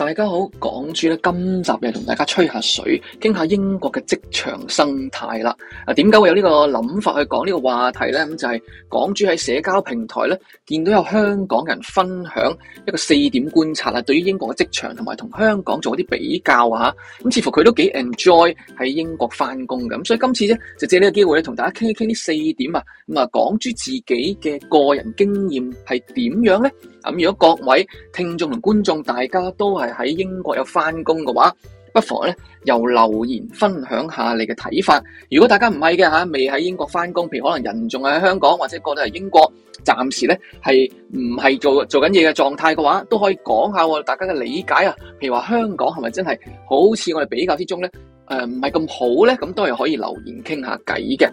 大家好，港豬咧今集又同大家吹下水，傾下英國嘅職場生態啦。啊，點解會有呢個諗法去講呢個話題呢？咁、嗯、就係、是、港豬喺社交平台呢，見到有香港人分享一個四點觀察啦、啊，對於英國嘅職場同埋同香港做一啲比較啊，咁、嗯、似乎佢都幾 enjoy 喺英國翻工嘅。咁、啊、所以今次呢，就借呢個機會咧，同大家傾一傾呢四點啊，咁、嗯、啊，港豬自己嘅個人經驗係點樣呢？咁如果各位聽眾同觀眾大家都係喺英國有翻工嘅話，不妨咧由留言分享下你嘅睇法。如果大家唔係嘅吓，未喺英國翻工，譬如可能人仲喺香港或者過咗嚟英國，暫時咧係唔係做做緊嘢嘅狀態嘅話，都可以講下，大家嘅理解啊。譬如話香港係咪真係好似我哋比較之中咧，誒唔係咁好咧？咁、嗯、都係可以留言傾下偈嘅。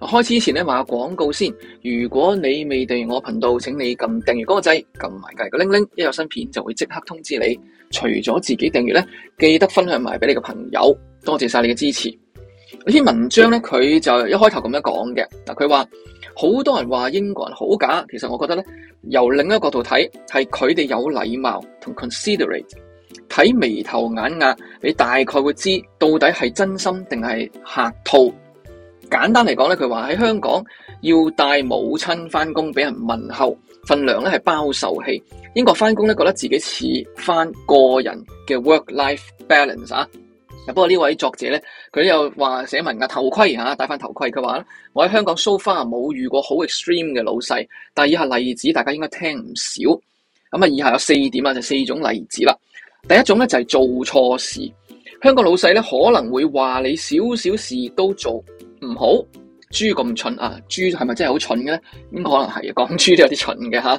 開始之前咧，話廣告先。如果你未訂閱我頻道，請你撳訂閱嗰個掣，撳埋隔籬個鈴鈴，一有新片就會即刻通知你。除咗自己訂閱咧，記得分享埋俾你嘅朋友。多謝晒你嘅支持。呢篇文章咧，佢就一開頭咁樣講嘅。嗱，佢話好多人話英國人好假，其實我覺得咧，由另一個角度睇，係佢哋有禮貌同 considerate。睇眉頭眼壓，你大概會知到底係真心定係客套。簡單嚟講咧，佢話喺香港要帶母親翻工俾人問候，份糧咧係包受氣。英國翻工咧覺得自己似翻個人嘅 work life balance 啊。不過呢位作者咧，佢都有話寫文嘅頭盔吓、啊，戴翻頭盔佢話咧，我喺香港 so far 冇遇過好 extreme 嘅老細，但以下例子大家應該聽唔少。咁啊，以下有四點啊，就是、四種例子啦。第一種咧就係、是、做錯事，香港老細咧可能會話你少少事都做。唔好豬咁蠢啊！豬係咪真係好蠢嘅咧？應該可能係啊，港豬都有啲蠢嘅吓。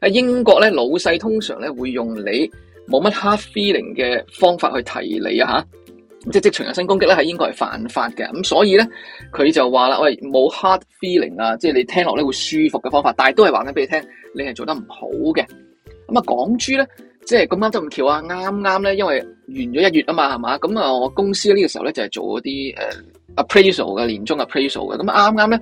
喺英國咧，老細通常咧會用你冇乜 hard feeling 嘅方法去提你啊，吓即係即係人身攻擊，咧，喺英國係犯法嘅。咁、嗯、所以咧，佢就話啦，喂，冇 hard feeling 啊，即係你聽落咧會舒服嘅方法，但係都係話緊俾你聽，你係做得唔好嘅。咁、嗯、啊，港豬咧。即係咁啱得咁巧啊！啱啱咧，因為完咗一月啊嘛，係嘛咁啊，我公司呢個時候咧就係、是、做嗰啲誒、呃、appraisal 嘅年終 appraisal 嘅。咁啱啱咧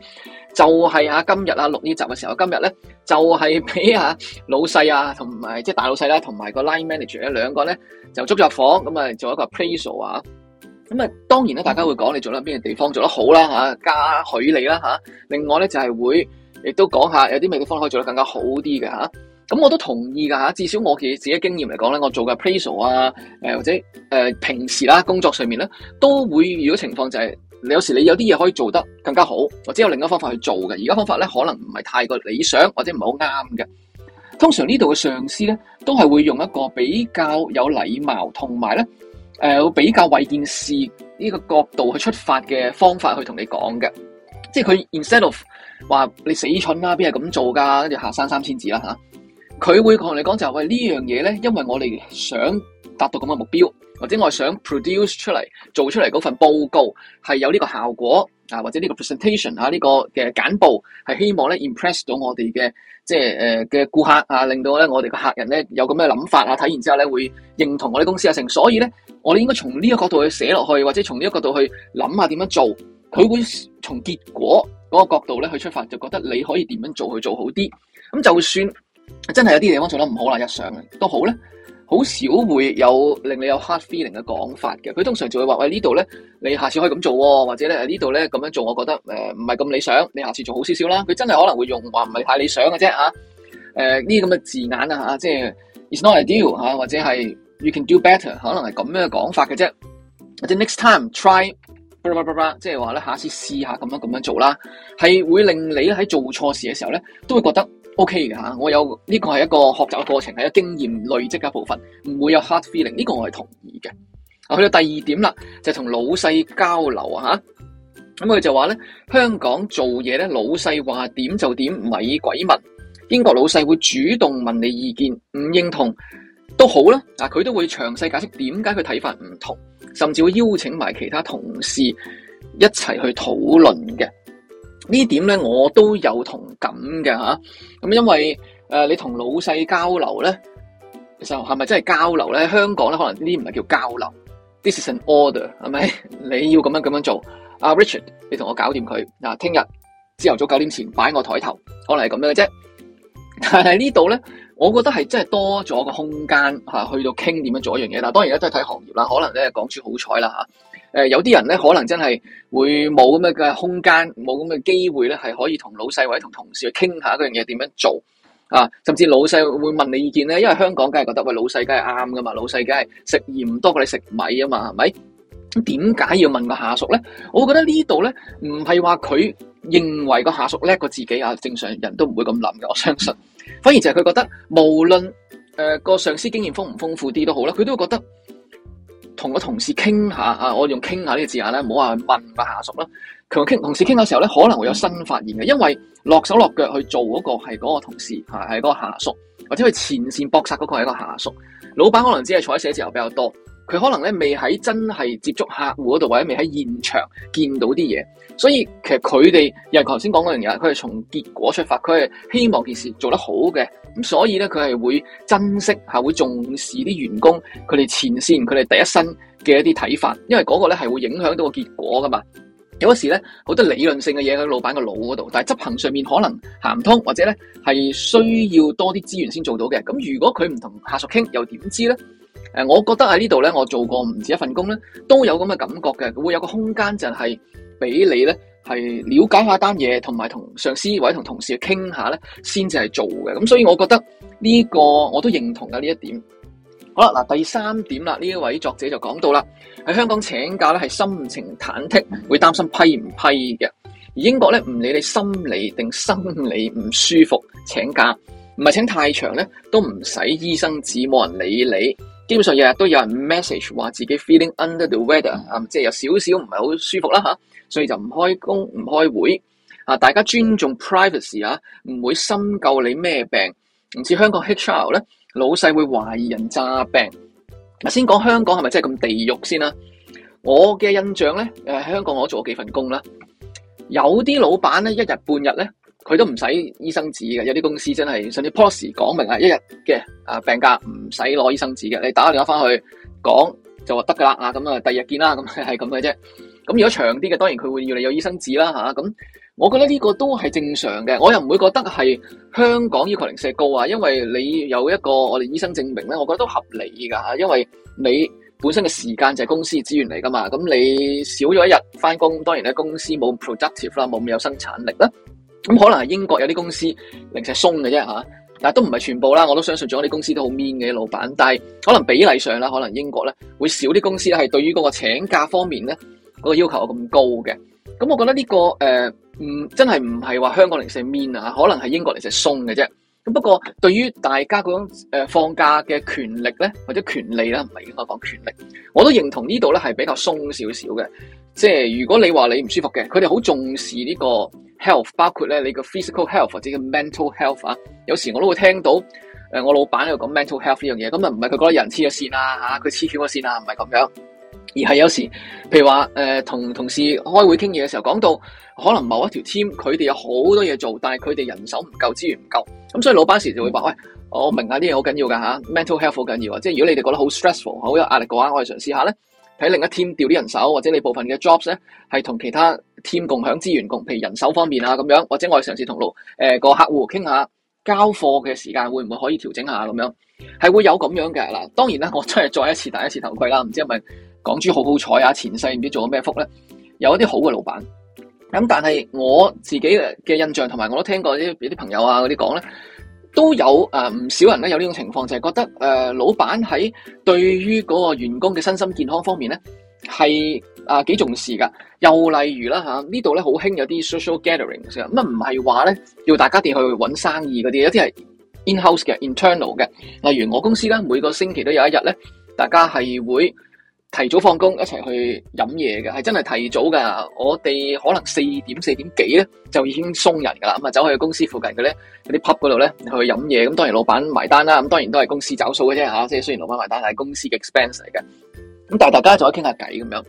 就係、是、啊今日啊錄呢集嘅時候，今日咧就係、是、俾啊老細啊同埋即係大老細啦、啊，同埋個 line manager 咧兩個咧就捉入房咁啊，做一個 appraisal 啊。咁啊，當然咧，大家會講你做得邊個地方做得好啦吓、啊，加許你啦吓、啊。另外咧就係、是、會亦都講下有啲咩嘅方法可以做得更加好啲嘅吓。啊咁我都同意㗎吓，至少我自己經驗嚟講咧，我做嘅 appraisal 啊，或者、呃、平時啦，工作上面咧都會。如果情況就係、是、你有時你有啲嘢可以做得更加好，或者有另一個方法去做嘅。而家方法咧可能唔係太過理想，或者唔係好啱嘅。通常呢度嘅上司咧都係會用一個比較有禮貌同埋咧誒會比較為件事呢個角度去出發嘅方法去同你講嘅，即係佢 instead of 話你死蠢啦、啊，邊係咁做㗎、啊？跟住下山三千字啦、啊佢會同你講就係、是、喂呢樣嘢咧，因為我哋想達到咁嘅目標，或者我想 produce 出嚟做出嚟嗰份報告係有呢個效果啊，或者呢個 presentation 啊呢、這個嘅簡報係希望咧 impress 到我哋嘅即係誒嘅顧客啊，令到咧我哋嘅客人咧有咁嘅諗法啊，睇完之後咧會認同我哋公司啊成，所以咧我哋應該從呢個角度去寫落去，或者從呢個角度去諗下點樣做，佢會從結果嗰個角度咧去出發，就覺得你可以點樣做去做好啲，咁就算。真係有啲地方做得唔好啦，日常都好咧，好少會有令你有 hard feeling 嘅講法嘅。佢通常就會話喂呢度咧，你下次可以咁做，或者咧呢度咧咁樣做，我覺得誒唔係咁理想，你下次做好少少啦。佢真係可能會用話唔係太理想嘅啫啊，誒呢啲咁嘅字眼啊吓，即係 it's not ideal 吓、啊，或者係 you can do better，可能係咁樣嘅講法嘅啫，或者 next time try，即係話咧下次試下咁樣咁樣做啦，係會令你喺做錯事嘅時候咧都會覺得。O K 噶吓，我有呢、這個係一個學習嘅過程，係一個經驗累積嘅部分，唔會有 hard feeling，呢個我係同意嘅。啊，去到第二點啦，就同、是、老細交流吓，咁、啊、佢、嗯、就話咧，香港做嘢咧，老細話點就點，唔係鬼問。英國老細會主動問你意見，唔認同都好啦，佢都會詳細解釋點解佢睇法唔同，甚至會邀請埋其他同事一齊去討論嘅。呢點咧我都有同感嘅，咁、啊、因為、呃、你同老細交流咧，就係咪真係交流咧？香港咧可能呢啲唔係叫交流。This is an order，係咪你要咁樣咁樣做？阿 Richard，你同我搞掂佢嗱，聽日朝頭早九點前擺我台頭，可能係咁樣嘅啫。但係呢度咧，我覺得係真係多咗個空間、啊、去到傾點樣做一樣嘢。但當然咧都係睇行業啦，可能咧港豬好彩啦吓。誒、呃、有啲人咧，可能真係會冇咁嘅空間，冇咁嘅機會咧，係可以同老細或者同同事去傾下嗰樣嘢點樣做啊！甚至老細會問你意見咧，因為香港梗係覺得喂，老細梗係啱㗎嘛，老細梗係食鹽多過你食米啊嘛，係咪？點解要問個下屬咧？我覺得這裏呢度咧唔係話佢認為個下屬叻過自己啊，正常人都唔會咁諗嘅，我相信。反而就係佢覺得無論誒個上司經驗豐唔豐富啲都好啦，佢都會覺得。同個同事傾下啊，我用傾下呢個字眼咧，唔好話去問個下屬啦。同傾同事傾嘅時候咧，可能會有新發現嘅，因為落手落腳去做嗰個係嗰個同事，係係嗰個下屬，或者佢前線搏殺嗰個係一個下屬，老闆可能只係坐喺寫字樓比較多。佢可能咧未喺真係接觸客戶嗰度，或者未喺現場見到啲嘢，所以其實佢哋又頭先講嗰樣嘢，佢係從結果出發，佢係希望件事做得好嘅。咁所以咧佢係會珍惜吓，會重視啲員工佢哋前線佢哋第一身嘅一啲睇法，因為嗰個咧係會影響到個結果噶嘛。有嗰時咧好多理論性嘅嘢喺老闆嘅腦嗰度，但係執行上面可能行唔通，或者咧係需要多啲資源先做到嘅。咁如果佢唔同下屬傾，又點知咧？誒，我覺得喺呢度咧，我做過唔止一份工咧，都有咁嘅感覺嘅，會有個空間就係俾你咧係了解下單嘢，同埋同上司或者同同事傾下咧，先至係做嘅。咁所以，我覺得呢個我都認同嘅呢一點。好啦，嗱，第三點啦，呢一位作者就講到啦，喺香港請假咧係心情忐忑，會擔心批唔批嘅。而英國咧唔理你心理定生理唔舒服請假，唔係請太長咧都唔使醫生紙，冇人理你。基本上日日都有人 message 話自己 feeling under the weather，啊，即係有少少唔係好舒服啦吓，所以就唔開工唔開會。啊，大家尊重 privacy 啊，唔會深究你咩病，唔似香港 HR 咧，老細會懷疑人詐病。嗱，先講香港係咪真係咁地獄先啦？我嘅印象咧，誒，香港我做咗幾份工啦，有啲老闆咧一日半日咧，佢都唔使醫生紙嘅，有啲公司真係甚至 post 講明啊，一日嘅啊病假唔使攞醫生紙嘅。你打個電話翻去講就話得㗎啦啊，咁啊，第二日見啦，咁係咁嘅啫。咁如果長啲嘅，當然佢會要你有醫生紙啦吓，咁我覺得呢個都係正常嘅，我又唔會覺得係香港要求零舍高啊，因為你有一個我哋醫生證明咧，我覺得都合理㗎。因為你本身嘅時間就係公司資源嚟㗎嘛，咁你少咗一日翻工，當然咧公司冇 productive 啦，冇咁有生產力啦。咁可能係英國有啲公司零舍鬆嘅啫，但係都唔係全部啦。我都相信仲有啲公司都好 mean 嘅，啲老闆，但係可能比例上啦，可能英國咧會少啲公司係對於嗰個請假方面咧嗰、那個要求咁高嘅。咁我覺得呢、這個誒，唔、呃、真係唔係話香港零舍 mean，啊，可能係英國零舍鬆嘅啫。咁不過對於大家嗰種誒放假嘅權力咧，或者權利呢，唔係應該講權力，我都認同呢度咧係比較鬆少少嘅。即係如果你話你唔舒服嘅，佢哋好重視呢、這個。health 包括咧你個 physical health 或者個 mental health 啊，有時我都會聽到誒，我老闆喺度講 mental health 呢樣嘢，咁啊唔係佢覺得人黐咗線啊？吓，佢黐線我線啊，唔係咁樣，而係有時譬如話誒同同事開會傾嘢嘅時候，講到可能某一條 team 佢哋有好多嘢做，但係佢哋人手唔夠，資源唔夠，咁所以老闆時就會話喂，我明啊啲嘢好緊要噶吓，mental health 好緊要啊，即係如果你哋覺得好 stressful，好有壓力嘅話，我哋嘗試下咧，喺另一 team 調啲人手，或者你部分嘅 jobs 咧係同其他。添共享資源，共譬如人手方面啊咁樣，或者我哋嘗試同路誒個客戶傾下交貨嘅時間，會唔會可以調整下咁樣？係會有咁樣嘅嗱。當然啦，我真係再一次第一次頭盔啦，唔知係咪港豬好好彩啊？前世唔知做咗咩福咧，有一啲好嘅老闆。咁但係我自己嘅印象，同埋我都聽過啲啲朋友啊嗰啲講咧，都有誒唔、呃、少人咧有呢種情況，就係、是、覺得、呃、老闆喺對於嗰個員工嘅身心健康方面咧係。啊，幾重視㗎？又例如啦，啊、呢度咧好興有啲 social gatherings 咁啊，唔係話咧要大家哋去揾生意嗰啲，有啲係 in-house 嘅、internal 嘅。例如我公司咧，每個星期都有一日咧，大家係會提早放工一齊去飲嘢嘅，係真係提早㗎。我哋可能四點四點幾咧就已經鬆人㗎啦，咁、嗯、啊走去公司附近嘅咧嗰啲 pub 嗰度咧去飲嘢。咁、嗯、當然老闆埋單啦，咁、嗯、當然都係公司找數嘅啫吓，即、啊、係雖然老闆埋單，但係公司嘅 expense 嚟嘅。咁但係大家就可以傾下偈咁樣。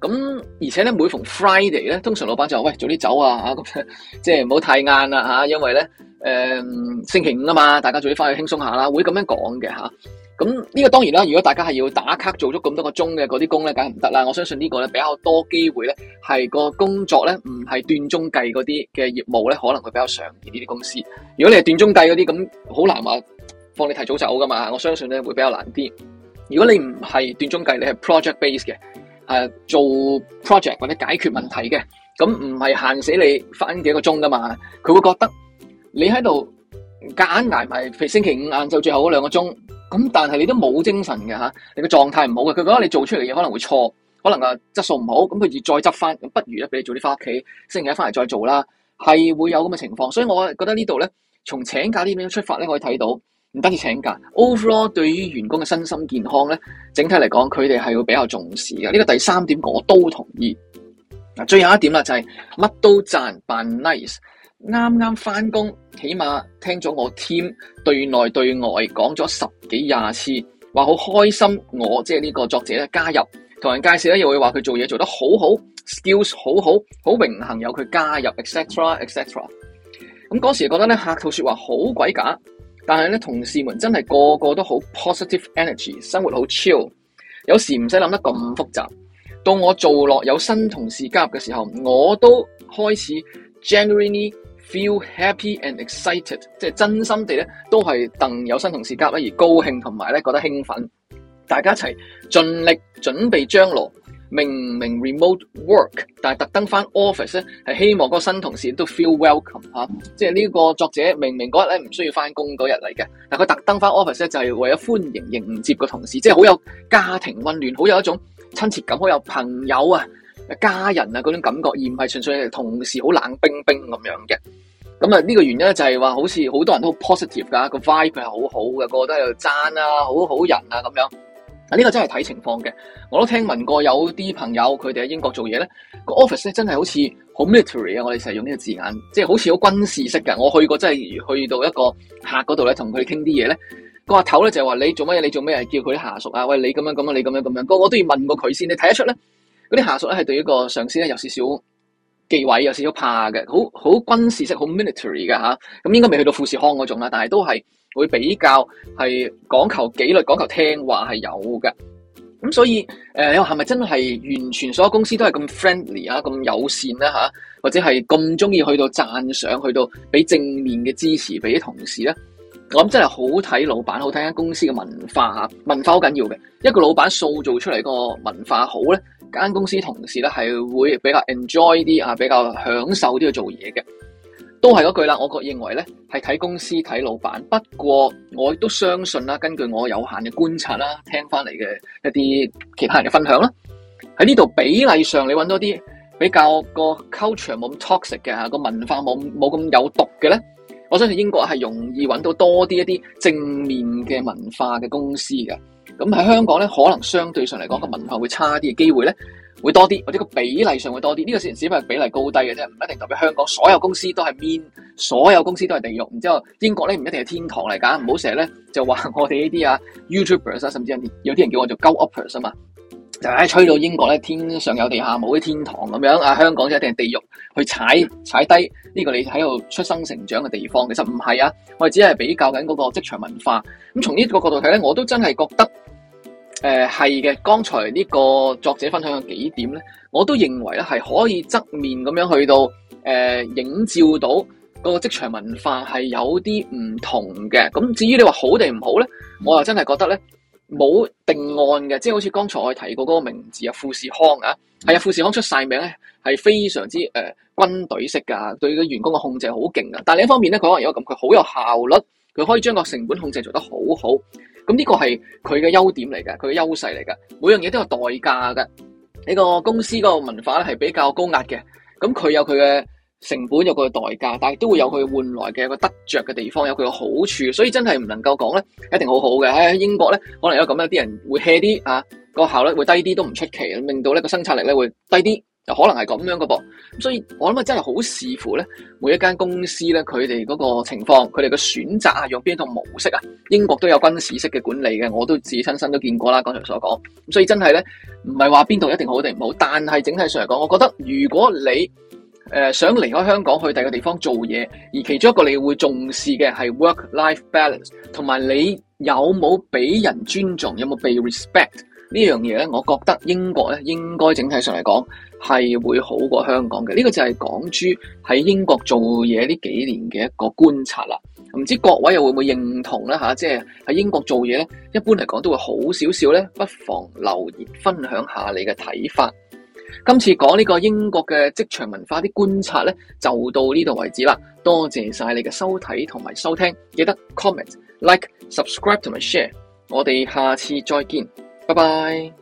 咁而且咧，每逢 Friday 咧，通常老闆就話喂，早啲走啊。吓，咁即係唔好太晏啦，吓、啊，因為咧，誒、呃、星期五啊嘛，大家早啲翻去輕鬆一下啦，會咁樣講嘅吓。咁、啊、呢、這個當然啦，如果大家係要打卡做咗咁多個鐘嘅嗰啲工咧，梗係唔得啦。我相信這個呢個咧比較多機會咧係個工作咧唔係斷鐘計嗰啲嘅業務咧，可能會比較常見呢啲公司。如果你係斷鐘計嗰啲，咁好難話放你提早走㗎嘛。我相信咧會比較難啲。如果你唔係斷鐘計，你係 project base 嘅。誒、啊，做 project 或者解決問題嘅，咁唔係限死你翻幾個鐘噶嘛？佢會覺得你喺度夾硬挨埋，譬如星期五晏晝最後嗰兩個鐘，咁但係你都冇精神嘅、啊、你個狀態唔好嘅，佢覺得你做出嚟嘅嘢可能會錯，可能啊質素唔好，咁佢要再執翻，不如咧俾你早啲翻屋企，星期一翻嚟再做啦，係會有咁嘅情況。所以我覺得呢度咧，從請假呢邊出發咧，可以睇到。唔單止請假，Overall，對於員工嘅身心健康咧，整體嚟講，佢哋係會比較重視嘅。呢個第三點我都同意。嗱，最後一點啦，就係乜都讚扮 nice，啱啱翻工，起碼聽咗我 team 對內對外講咗十幾廿次，話好開心，我即係呢個作者加入，同人介紹咧又會話佢做嘢做得好好，skills 好好，好榮幸有佢加入，etc etc，咁嗰時覺得咧客套說話好鬼假。但係咧，同事們真係個個都好 positive energy，生活好 chill，有時唔使諗得咁複雜。到我做落有新同事加入嘅時候，我都開始 generally feel happy and excited，即係真心地咧，都係為有新同事加入而高興同埋咧覺得興奮，大家一齊盡力準備將來。明明 remote work，但係特登翻 office 咧，係希望嗰新同事都 feel welcome、啊嗯、即係呢個作者明明嗰日咧唔需要翻工嗰日嚟嘅，但佢特登翻 office 咧就係、是、為咗歡迎迎接個同事，即係好有家庭溫暖，好有一種親切感，好有朋友啊、家人啊嗰種感覺，而唔係純粹係同事好冷冰冰咁樣嘅。咁啊呢個原因咧就係話，好似好多人都 positive 噶，個 vibe 係好好嘅，個個都又讚啊，好好人啊咁樣。呢、啊呢個真係睇情況嘅，我都聽聞過有啲朋友佢哋喺英國做嘢咧，呢個 office 咧真係好似好 military 啊！我哋成日用呢個字眼，即、就、係、是、好似好軍事式㗎。我去過真係、就是、去到一個客嗰度咧，同佢傾啲嘢咧，個阿頭咧就係話你做乜嘢？你做咩？係叫佢啲下屬啊？喂，你咁樣咁樣，你咁樣咁樣，個個都要問過佢先。你睇得出咧？嗰啲下屬咧係對於一個上司咧有少少忌諱，有少少怕嘅，好好軍事式，好 military 嘅。吓、啊，咁、嗯、應該未去到富士康嗰種啦，但係都係。會比較係講求紀律、講求聽話係有嘅，咁所以誒，你話係咪真係完全所有公司都係咁 friendly 啊、咁友善咧吓、啊，或者係咁中意去到讚賞、去到俾正面嘅支持俾啲同事咧？我諗真係好睇老闆，好睇間公司嘅文化吓，文化好緊要嘅。一個老闆塑造出嚟個文化好咧，間公司同事咧係會比較 enjoy 啲啊，比較享受啲去做嘢嘅。都係嗰句啦，我覺得認為咧係睇公司睇老闆，不過我都相信啦，根據我有限嘅觀察啦，聽翻嚟嘅一啲其他人嘅分享啦，喺呢度比例上，你揾多啲比較個 culture 冇咁 toxic 嘅嚇，個文化冇冇咁有毒嘅咧，我相信英國係容易揾到多啲一啲正面嘅文化嘅公司嘅，咁喺香港咧可能相對上嚟講個文化會差啲嘅機會咧。會多啲，或者個比例上會多啲。呢個事情只不過比例高低嘅啫，唔一定代表香港所有公司都係 mean，所有公司都係地獄。然之後英國咧唔一定係天堂嚟㗎，唔好成日咧就話我哋呢啲啊 youtubers 啊，甚至有啲人叫我做 go uppers 啊嘛，就係吹到英國咧天上有地下冇啲天堂咁樣啊，香港就一定係地獄去踩踩低呢個你喺度出生成長嘅地方。其實唔係啊，我哋只係比較緊嗰個職場文化。咁從呢個角度睇咧，我都真係覺得。誒係嘅，剛、呃、才呢個作者分享嘅幾點咧，我都認為咧係可以側面咁樣去到誒映、呃、照到個職場文化係有啲唔同嘅。咁至於你話好定唔好咧，我又真係覺得咧冇定案嘅。即、就、係、是、好似剛才我提過嗰個名字啊，富士康啊，係啊，富士康出晒名咧係非常之誒、呃、軍隊式㗎，對啲員工嘅控制好勁嘅。但係另一方面咧，佢可能因為咁，佢好有效率，佢可以將個成本控制做得好好。咁呢個係佢嘅優點嚟嘅，佢嘅優勢嚟嘅，每樣嘢都有代價嘅。呢個公司個文化咧係比較高壓嘅，咁佢有佢嘅成本，有佢嘅代價，但係都會有佢換來嘅一個得着嘅地方，有佢嘅好處，所以真係唔能夠講咧，一定好好嘅。喺、哎、英國咧，可能有咁樣啲人會 hea 啲啊，個效率會低啲都唔出奇，令到呢個生產力咧會低啲。就可能係咁樣噶噃，所以我諗啊真係好視乎咧，每一間公司咧佢哋嗰個情況，佢哋嘅選擇啊用邊一種模式啊？英國都有軍事式嘅管理嘅，我都自親身都見過啦。剛才所講，所以真係咧唔係話邊度一定好定唔好，但係整體上嚟講，我覺得如果你誒想離開香港去第二個地方做嘢，而其中一個你會重視嘅係 work life balance，同埋你有冇俾人尊重，有冇被 respect。呢樣嘢咧，我覺得英國咧應該整體上嚟講係會好過香港嘅。呢個就係港豬喺英國做嘢呢幾年嘅一個觀察啦。唔知各位又會唔會認同呢？吓，即係喺英國做嘢咧，一般嚟講都會好少少呢。不妨留言分享下你嘅睇法。今次講呢個英國嘅職場文化啲觀察呢，就到呢度為止啦。多謝晒你嘅收睇同埋收聽，記得 comment like subscribe 同埋 share。我哋下次再見。拜拜。